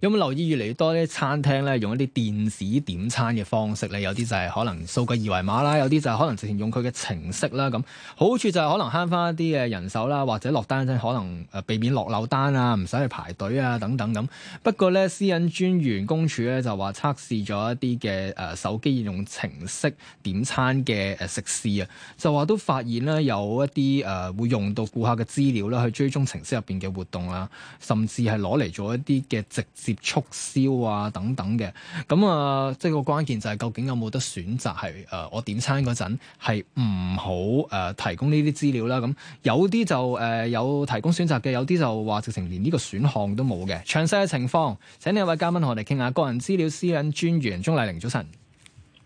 有冇留意越嚟越多啲餐廳咧用一啲電子點餐嘅方式咧？有啲就係可能掃個二維碼啦，有啲就係可能直情用佢嘅程式啦。咁好處就係可能慳翻一啲嘅人手啦，或者落單嗰陣可能誒避免落漏單啊，唔使去排隊啊等等咁。不過咧，私隱專員公署咧就話測試咗一啲嘅手機應用程式點餐嘅食肆啊，就話都發現咧有一啲誒會用到顧客嘅資料啦去追蹤程式入面嘅活動啊，甚至係攞嚟做一啲嘅直接促銷啊等等嘅，咁、嗯、啊、呃、即係個關鍵就係究竟有冇得選擇係誒我點餐嗰陣係唔好誒提供呢啲資料啦？咁、嗯、有啲就誒、呃、有提供選擇嘅，有啲就話直情連呢個選項都冇嘅。詳細嘅情況請呢位嘉賓同我哋傾下。個人資料私隱專員鍾麗玲，早晨。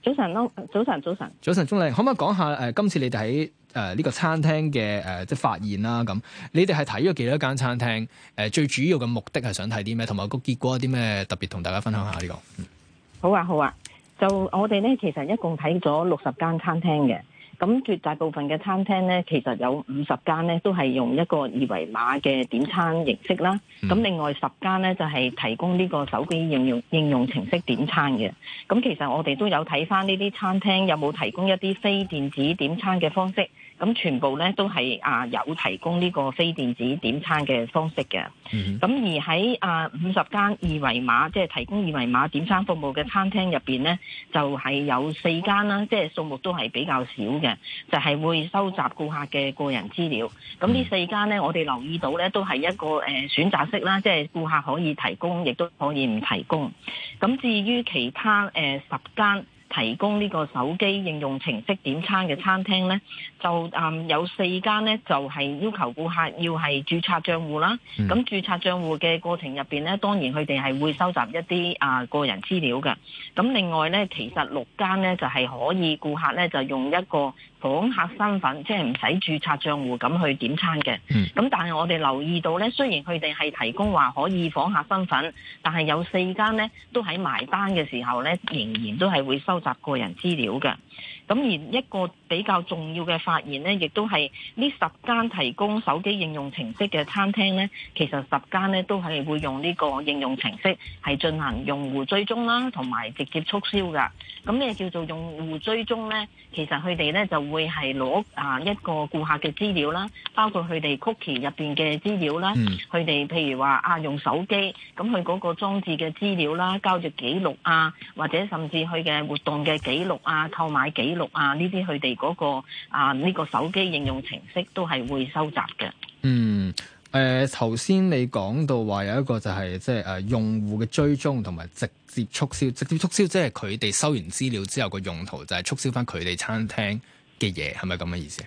早晨囉，早晨早晨。早晨鍾麗，可唔可以講下誒、呃、今次你哋喺？誒、這、呢個餐廳嘅誒即係發現啦咁，你哋係睇咗幾多間餐廳？誒、呃、最主要嘅目的係想睇啲咩？同埋個結果有啲咩特別同大家分享一下呢、這個？好啊好啊，就我哋咧其實一共睇咗六十間餐廳嘅，咁絕大部分嘅餐廳咧其實有五十間咧都係用一個二維碼嘅點餐形式啦，咁、嗯、另外十間咧就係、是、提供呢個手機應用應用程式點餐嘅。咁其實我哋都有睇返呢啲餐廳有冇提供一啲非電子點餐嘅方式。咁全部咧都係啊有提供呢個非電子點餐嘅方式嘅。咁而喺啊五十間二維碼即係提供二維碼點餐服務嘅餐廳入面呢，就係有四間啦，即係數目都係比較少嘅，就係會收集顧客嘅個人資料。咁呢四間呢，我哋留意到呢都係一個選擇式啦，即係顧客可以提供，亦都可以唔提供。咁至於其他誒十間提供呢個手機應用程式點餐嘅餐廳呢。就誒、嗯、有四間咧，就係、是、要求顧客要係註冊帳戶啦。咁註冊帳戶嘅過程入面咧，當然佢哋係會收集一啲啊、呃、個人資料嘅。咁另外咧，其實六間咧就係、是、可以顧客咧就用一個訪客身份，即係唔使註冊帳戶咁去點餐嘅。咁、嗯、但係我哋留意到咧，雖然佢哋係提供話可以訪客身份，但係有四間咧都喺埋單嘅時候咧，仍然都係會收集個人資料嘅。咁而一個比較重要嘅發現咧，亦都係呢十間提供手機應用程式嘅餐廳咧，其實十間咧都係會用呢個應用程式係進行用戶追蹤啦，同埋直接促銷噶。咁咩叫做用戶追蹤咧？其實佢哋咧就會係攞啊一個顧客嘅資料啦，包括佢哋 cookie 入邊嘅資料啦，佢哋譬如話啊用手機，咁佢嗰個裝置嘅資料啦，交易記錄啊，或者甚至佢嘅活動嘅記錄啊，購買記錄。啊！呢啲佢哋嗰個啊呢、這個手機應用程式都係會收集嘅。嗯，誒、呃，頭先你講到話有一個就係即係誒用戶嘅追蹤同埋直接促銷，直接促銷即係佢哋收完資料之後個用途就係促銷返佢哋餐廳嘅嘢，係咪咁嘅意思？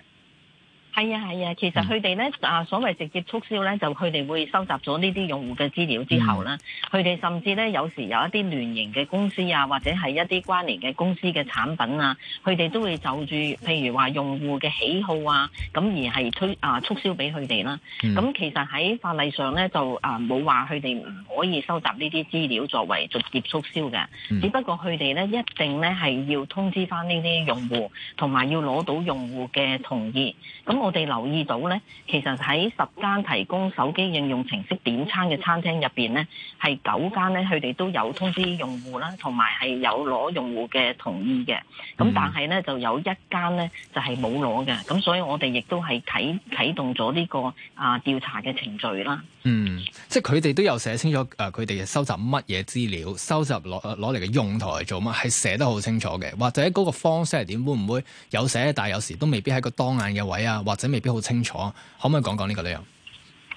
係啊係啊，其實佢哋咧啊，所謂直接促銷咧、嗯，就佢哋會收集咗呢啲用戶嘅資料之後咧，佢、嗯、哋甚至咧有時有一啲聯營嘅公司啊，或者係一啲關聯嘅公司嘅產品啊，佢哋都會就住譬如話用戶嘅喜好啊，咁而係推啊促銷俾佢哋啦。咁、嗯、其實喺法例上咧就啊冇話佢哋唔可以收集呢啲資料作為直接促銷嘅、嗯，只不過佢哋咧一定咧係要通知翻呢啲用戶，同埋要攞到用戶嘅同意。咁我哋留意到咧，其實喺十間提供手機應用程式點餐嘅餐廳入邊咧，係九間咧，佢哋都有通知用戶啦，同埋係有攞用戶嘅同意嘅。咁但係咧，就有一間咧就係冇攞嘅。咁所以我哋亦都係啟啟動咗呢個啊調查嘅程序啦。嗯，即係佢哋都有寫清楚誒，呃、佢哋收集乜嘢資料，收集攞攞嚟嘅用途嚟做乜，係寫得好清楚嘅。或者嗰個方式係點，會唔會有寫？但係有時都未必喺個當眼嘅位啊。或者未必好清楚，可唔可以講講呢個理由？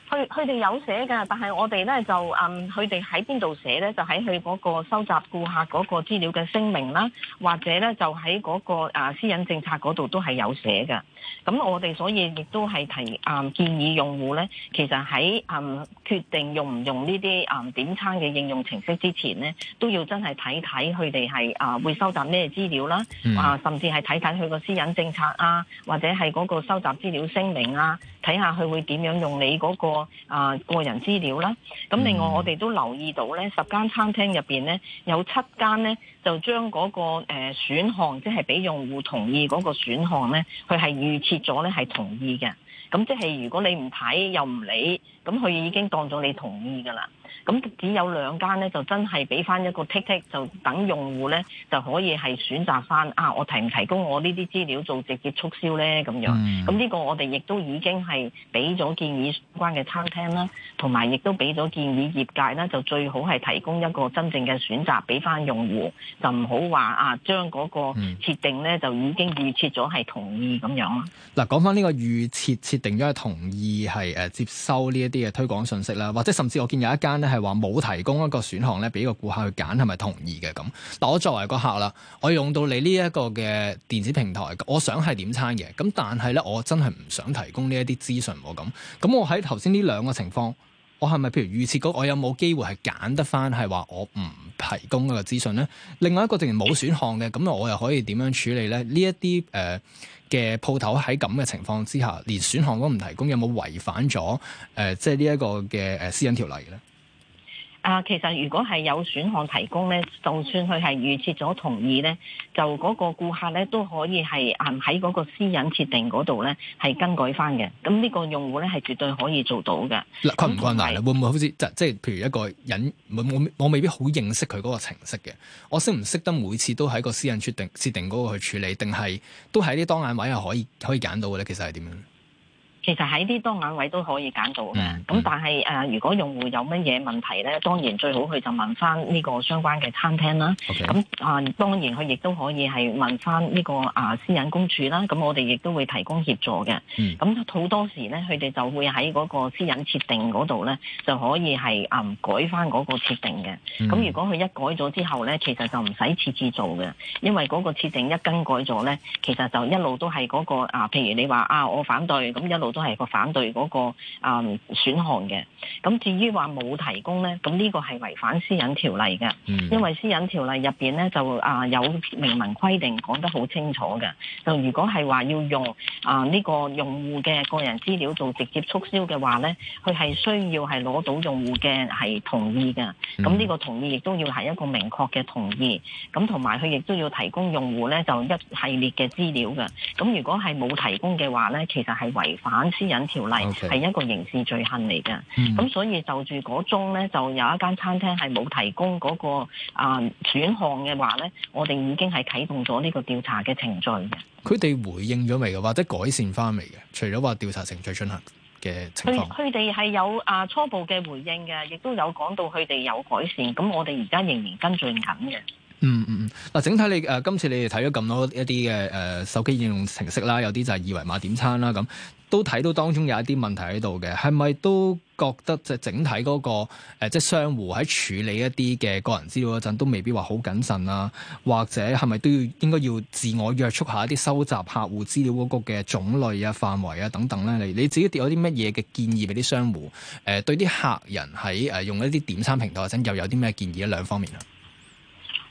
佢佢哋有寫㗎，但係我哋呢就嗯，佢哋喺邊度寫呢？就喺佢嗰個收集顧客嗰個資料嘅聲明啦，或者呢就喺嗰個誒私隱政策嗰度都係有寫㗎。咁我哋所以亦都係提啊，建議用戶咧，其實喺啊決定用唔用呢啲啊點餐嘅應用程式之前咧，都要真係睇睇佢哋係啊會收集咩資料啦，啊甚至係睇睇佢個私隱政策啊，或者係嗰個收集資料聲明啊，睇下佢會點樣用你嗰個啊個人資料啦。咁另外我哋都留意到咧，十間餐廳入邊咧有七間咧就將嗰個誒選項，即係俾用戶同意嗰個選項咧，佢係預切咗咧，係同意嘅。咁即係如果你唔睇又唔理，咁佢已經當咗你同意噶啦。咁只有兩間咧，就真係俾翻一個 tick tick，就等用戶咧，就可以係選擇翻啊！我提唔提供我呢啲資料做直接促銷咧？咁樣，咁、嗯、呢、這個我哋亦都已經係俾咗建議相關嘅餐廳啦，同埋亦都俾咗建議業界啦，就最好係提供一個真正嘅選擇，俾翻用戶，就唔好話啊，將嗰個設定咧就已經預設咗係同意咁樣啦。嗱、嗯，講翻呢個預設設定咗係同意係誒接收呢一啲嘅推廣信息啦，或者甚至我見有一間。咧係話冇提供一個選項咧，俾個顧客去揀係咪同意嘅咁？但我作為個客啦，我用到你呢一個嘅電子平台，我想係點餐嘅。咁但係咧，我真係唔想提供呢一啲資訊我咁。咁我喺頭先呢兩個情況，我係咪譬如預設嗰，我有冇機會係揀得翻係話我唔提供一個資訊咧？另外一個，竟然冇選項嘅，咁我又可以點樣處理咧？呢一啲誒嘅鋪頭喺咁嘅情況之下，連選項都唔提供，有冇違反咗誒、呃、即係呢一個嘅誒私隱條例咧？啊，其實如果係有選項提供咧，就算佢係預設咗同意咧，就嗰個顧客咧都可以係啊喺嗰個私隱設定嗰度咧係更改翻嘅。咁呢個用戶咧係絕對可以做到嘅。難困唔困難咧、就係？會唔會好似即即係譬如一個人，我我我未必好認識佢嗰個程式嘅，我識唔識得每次都喺個私隱設定設定嗰度去處理，定係都喺啲當眼位係可以可以揀到嘅咧？其實係點樣的？其實喺啲當眼位都可以揀到，咁。但係誒，如果用戶有乜嘢問題咧，當然最好佢就問翻呢個相關嘅餐廳啦。咁啊，當然佢亦都可以係問翻呢個啊私隱公署啦。咁我哋亦都會提供協助嘅。咁、mm. 好多時咧，佢哋就會喺嗰個私隱設定嗰度咧，就可以係啊改翻嗰個設定嘅。咁、mm. 如果佢一改咗之後咧，其實就唔使次次做嘅，因為嗰個設定一更改咗咧，其實就一路都係嗰、嗰個啊。譬如你話啊，我反對，咁一路。都係個反對嗰、那個啊、嗯、選項嘅。咁至於話冇提供咧，咁呢個係違反私隱條例嘅，因為私隱條例入邊咧就啊、呃、有明文規定講得好清楚嘅。就如果係話要用啊呢、呃這個用戶嘅個人資料做直接促銷嘅話咧，佢係需要係攞到用戶嘅係同意嘅。咁呢個同意亦都要係一個明確嘅同意。咁同埋佢亦都要提供用戶咧就一系列嘅資料嘅。咁如果係冇提供嘅話咧，其實係違反。私隱條例係、okay. 一個刑事罪行嚟嘅，咁、嗯、所以就住嗰宗咧，就有一間餐廳係冇提供嗰、那個啊選項嘅話咧，我哋已經係啟動咗呢個調查嘅程序的。佢哋回應咗未嘅，或者改善翻未嘅？除咗話調查程序進行嘅情況，佢哋係有啊初步嘅回應嘅，亦都有講到佢哋有改善。咁我哋而家仍然跟進緊嘅。嗯嗯嗯，嗱整體你誒、呃、今次你哋睇咗咁多一啲嘅誒手機應用程式啦，有啲就係二維碼點餐啦咁。都睇到當中有一啲問題喺度嘅，係咪都覺得即係整體嗰、個、呃、即係商戶喺處理一啲嘅個人資料嗰陣都未必話好謹慎啊，或者係咪都要應該要自我約束一下一啲收集客戶資料嗰個嘅種類啊、範圍啊等等咧？你你自己跌有啲乜嘢嘅建議俾啲商戶？誒、呃、對啲客人喺誒、呃、用一啲點餐平台嗰陣又有啲咩建議咧？兩方面啊，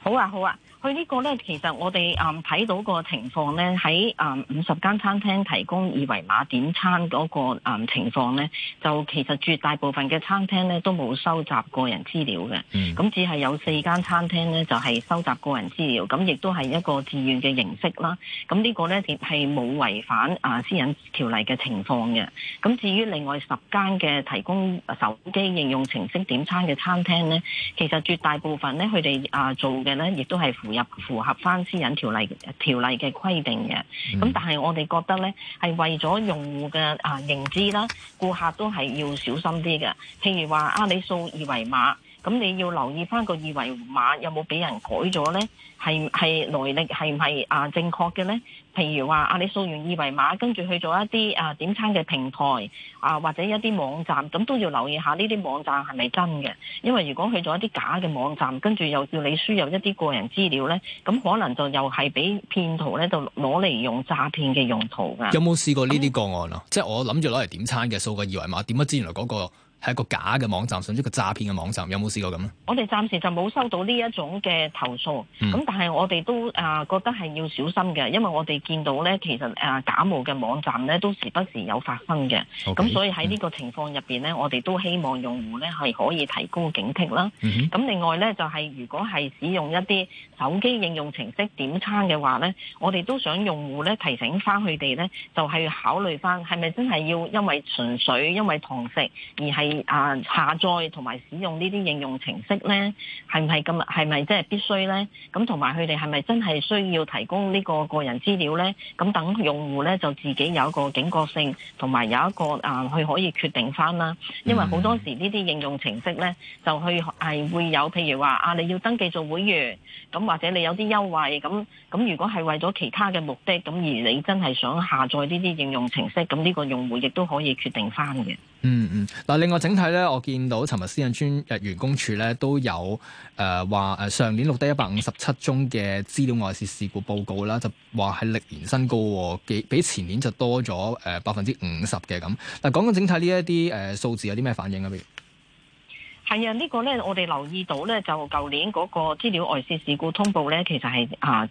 好啊，好啊。佢、這、呢個呢，其實我哋誒睇到個情況呢，喺誒五十間餐廳提供二維碼點餐嗰個情況呢，就其實絕大部分嘅餐廳呢都冇收集個人資料嘅。咁只係有四間餐廳呢，就係收集個人資料，咁亦都係一個自願嘅形式啦。咁呢個呢，係冇違反誒私隱條例嘅情況嘅。咁至於另外十間嘅提供手機應用程式點餐嘅餐廳呢，其實絕大部分呢，佢哋誒做嘅呢，亦都係附符合翻私隱條例條例嘅規定嘅，咁但係我哋覺得咧，係為咗用戶嘅啊認知啦，顧客都係要小心啲嘅，譬如話啊，你掃二維碼。咁你要留意翻個二維碼有冇俾人改咗咧？係係來歷係唔係啊正確嘅咧？譬如話啊，你掃完二維碼，跟住去咗一啲啊點餐嘅平台啊，或者一啲網站，咁都要留意下呢啲網站係咪真嘅？因為如果去咗一啲假嘅網站，跟住又叫你輸入一啲個人資料咧，咁可能就又係俾騙徒咧就攞嚟用詐騙嘅用途㗎。有冇試過呢啲個案啊、嗯？即係我諗住攞嚟點餐嘅，掃個二維碼，點解知原來嗰、嗰個。係一個假嘅網站，甚至一個詐騙嘅網站，有冇試過咁啊？我哋暫時就冇收到呢一種嘅投訴，咁、嗯、但係我哋都啊、呃、覺得係要小心嘅，因為我哋見到咧，其實啊、呃、假冒嘅網站咧都時不時有發生嘅，咁、okay，所以喺呢個情況入邊咧，我哋都希望用戶咧係可以提高警惕啦。咁、嗯、另外咧就係、是、如果係使用一啲手機應用程式點餐嘅話咧，我哋都想用戶咧提醒翻佢哋咧，就係、是、考慮翻係咪真係要因為純粹因為堂食而係。啊！下載同埋使用呢啲應用程式咧，係唔係咁？係咪即係必須咧？咁同埋佢哋係咪真係需要提供呢個個人資料咧？咁等用戶咧就自己有一個警覺性，同埋有一個啊，去可以決定返啦。因為好多時呢啲應用程式咧，就去係會有，譬如話啊，你要登記做會員，咁或者你有啲優惠，咁咁如果係為咗其他嘅目的，咁而你真係想下載呢啲應用程式，咁呢個用戶亦都可以決定返嘅。嗯嗯，嗱，另外整體咧，我見到尋日私隱專誒員公署咧都有誒話誒上年錄低一百五十七宗嘅資料外泄事，事故報告啦，就話係歷年新高，幾比前年就多咗誒百分之五十嘅咁。嗱，講緊整體呢一啲誒數字有啲咩反應係啊？譬如係啊，呢個咧我哋留意到咧，就舊年嗰個資料外泄事，事故通報咧，其實係啊。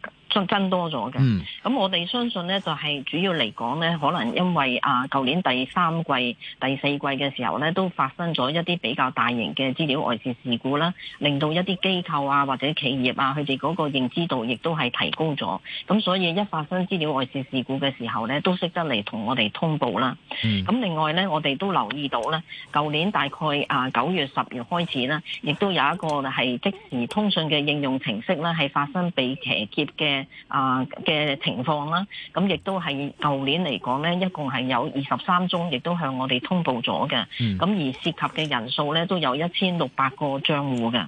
增多咗嘅，咁、嗯、我哋相信咧，就係、是、主要嚟講咧，可能因為啊，舊年第三季、第四季嘅時候咧，都發生咗一啲比較大型嘅資料外泄事，事故啦，令到一啲機構啊或者企業啊，佢哋嗰個認知度亦都係提高咗。咁所以一發生資料外泄事，事故嘅時候咧，都識得嚟同我哋通報啦。咁、嗯、另外咧，我哋都留意到咧，舊年大概啊九月、十月開始啦，亦都有一個係即時通訊嘅應用程式咧，係發生被騎劫嘅。啊、呃、嘅情況啦，咁亦都係舊年嚟講咧，一共係有二十三宗，亦都向我哋通報咗嘅。咁、嗯、而涉及嘅人數咧，都有一千六百個賬戶嘅。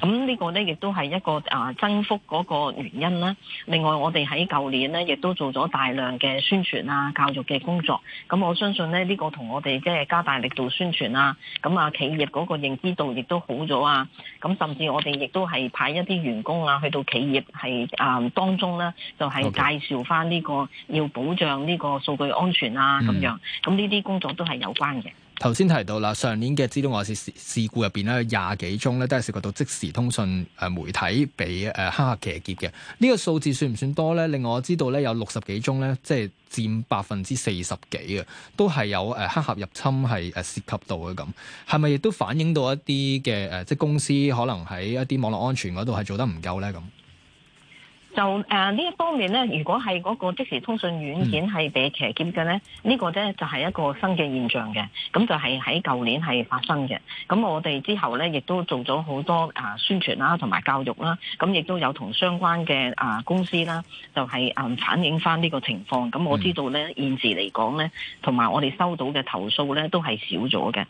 咁呢個咧，亦都係一個啊增幅嗰個原因啦。另外，我哋喺舊年咧，亦都做咗大量嘅宣傳啊、教育嘅工作。咁我相信咧，呢個同我哋即係加大力度宣傳啊。咁啊，企業嗰個認知度亦都好咗啊。咁甚至我哋亦都係派一啲員工啊，去到企業係啊當中咧就係、是、介紹翻呢個要保障呢個數據安全啊，咁、嗯、樣咁呢啲工作都係有關嘅。頭先提到啦，上年嘅資料外洩事故入邊咧，有廿幾宗咧都係涉及到即時通訊誒媒體被誒黑客騎劫嘅。呢、這個數字算唔算多咧？令我知道咧有六十幾宗咧，即係佔百分之四十幾嘅，都係有誒黑客入侵係誒涉及到嘅咁。係咪亦都反映到一啲嘅誒，即係公司可能喺一啲網絡安全嗰度係做得唔夠咧咁？就誒呢、呃、一方面咧，如果係嗰個即時通訊軟件係被騎劫嘅咧，這個、呢個咧就係、是、一個新嘅現象嘅。咁就係喺舊年係發生嘅。咁我哋之後咧亦都做咗好多、呃、宣傳啦，同埋教育啦。咁亦都有同相關嘅、呃、公司啦、就係，就、呃、係反映翻呢個情況。咁我知道咧、嗯、現時嚟講咧，同埋我哋收到嘅投訴咧都係少咗嘅。咁、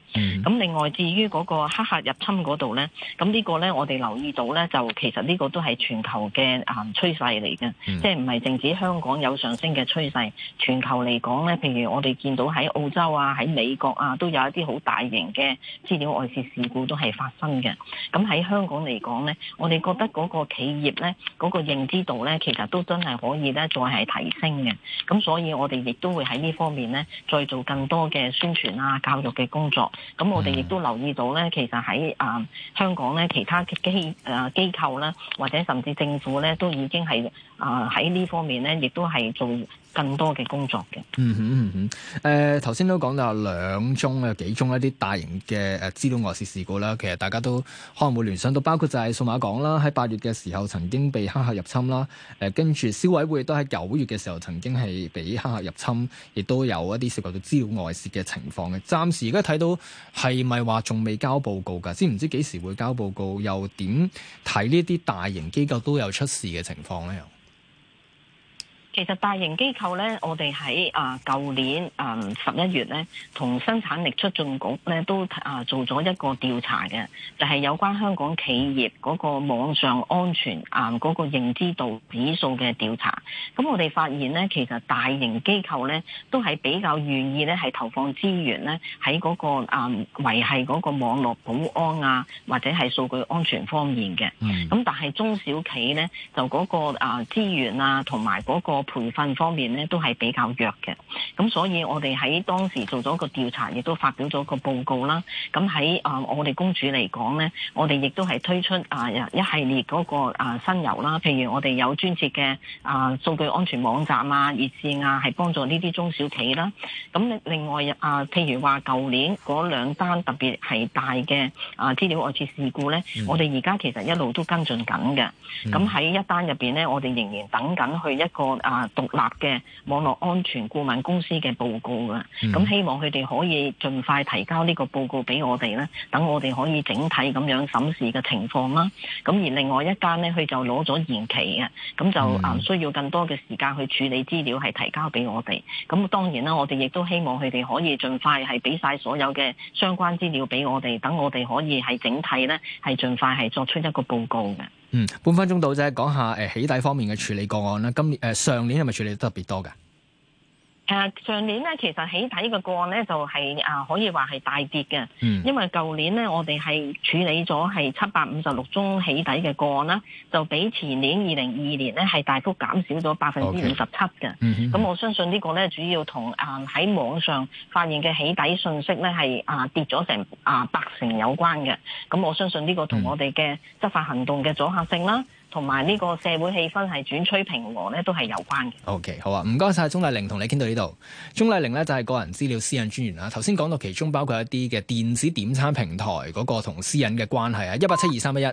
嗯、另外至於嗰個黑客入侵嗰度咧，咁呢個咧我哋留意到咧，就其實呢個都係全球嘅誒、呃趨勢嚟嘅，即係唔係淨止香港有上升嘅趨勢，全球嚟講咧，譬如我哋見到喺澳洲啊、喺美國啊，都有一啲好大型嘅資料外泄事故都係發生嘅。咁喺香港嚟講咧，我哋覺得嗰個企業咧，嗰、嗰個認知度咧，其實都真係可以咧，再係提升嘅。咁所以我哋亦都會喺呢方面咧，再做更多嘅宣傳啊、教育嘅工作。咁我哋亦都留意到咧，其實喺啊、呃、香港咧，其他嘅機啊機構啦，或者甚至政府咧，都已經。係啊，喺，呃，呢方面咧，亦都係做。更多嘅工作嘅。嗯哼嗯哼。誒、呃，頭先都講到兩宗嘅幾宗一啲大型嘅誒資料外泄事故啦。其實大家都可能會聯想到，包括就係數碼港啦，喺八月嘅時候曾經被黑客入侵啦。誒、呃，跟住消委會亦都喺九月嘅時候曾經係俾黑客入侵，亦都有一啲涉及到資料外泄嘅情況嘅。暫時而家睇到係咪話仲未交報告㗎？知唔知幾時會交報告？又點睇呢啲大型機構都有出事嘅情況咧？其實大型機構咧，我哋喺啊舊年啊十一月咧，同生產力促進局咧都啊做咗一個調查嘅，就係有關香港企業嗰個網上安全啊嗰個認知度指數嘅調查。咁我哋發現咧，其實大型機構咧都係比較願意咧係投放資源咧喺嗰個啊維係嗰個網絡保安啊或者係數據安全方面嘅。咁但係中小企咧就嗰個啊資源啊同埋嗰個。培訓方面咧都係比較弱嘅，咁所以我哋喺當時做咗個調查，亦都發表咗個報告啦。咁喺啊，我哋公署嚟講咧，我哋亦都係推出啊、呃、一系列嗰、那個啊、呃、新遊啦，譬如我哋有專設嘅啊數據安全網站啊、熱線啊，係幫助呢啲中小企啦、啊。咁另外啊、呃，譬如話舊年嗰兩單特別係大嘅啊資料外泄事故咧、嗯，我哋而家其實一路都跟進緊嘅。咁、嗯、喺一單入邊咧，我哋仍然等緊去一個，啊！獨立嘅網絡安全顧問公司嘅報告啊，咁希望佢哋可以盡快提交呢個報告俾我哋咧，等我哋可以整體咁樣審視嘅情況啦。咁而另外一間咧，佢就攞咗延期嘅，咁就啊需要更多嘅時間去處理資料係提交俾我哋。咁當然啦，我哋亦都希望佢哋可以盡快係俾晒所有嘅相關資料俾我哋，等我哋可以係整體咧係盡快係作出一個報告嘅。嗯，半分鐘到啫，講下誒起底方面嘅處理個案啦。今年誒、呃、上年係咪處理得特別多噶上年咧其實起底嘅個案咧就係啊可以話係大跌嘅，因為舊年咧我哋係處理咗係七百五十六宗起底嘅個案啦，就比前年二零二二年咧係大幅減少咗百分之五十七嘅。咁、okay. 我相信呢個咧主要同啊喺網上發現嘅起底信息咧係啊跌咗成啊八成有關嘅。咁我相信呢個同我哋嘅執法行動嘅阻嚇性啦，同埋呢個社會氣氛係轉趨平和咧，都係有關嘅。O、okay, K，好啊，唔該晒。鍾麗玲同你傾到呢度。鍾麗玲咧就係個人資料私隱專員啊。頭先講到其中包括一啲嘅電子點餐平台嗰個同私隱嘅關係啊，一八七二三一一。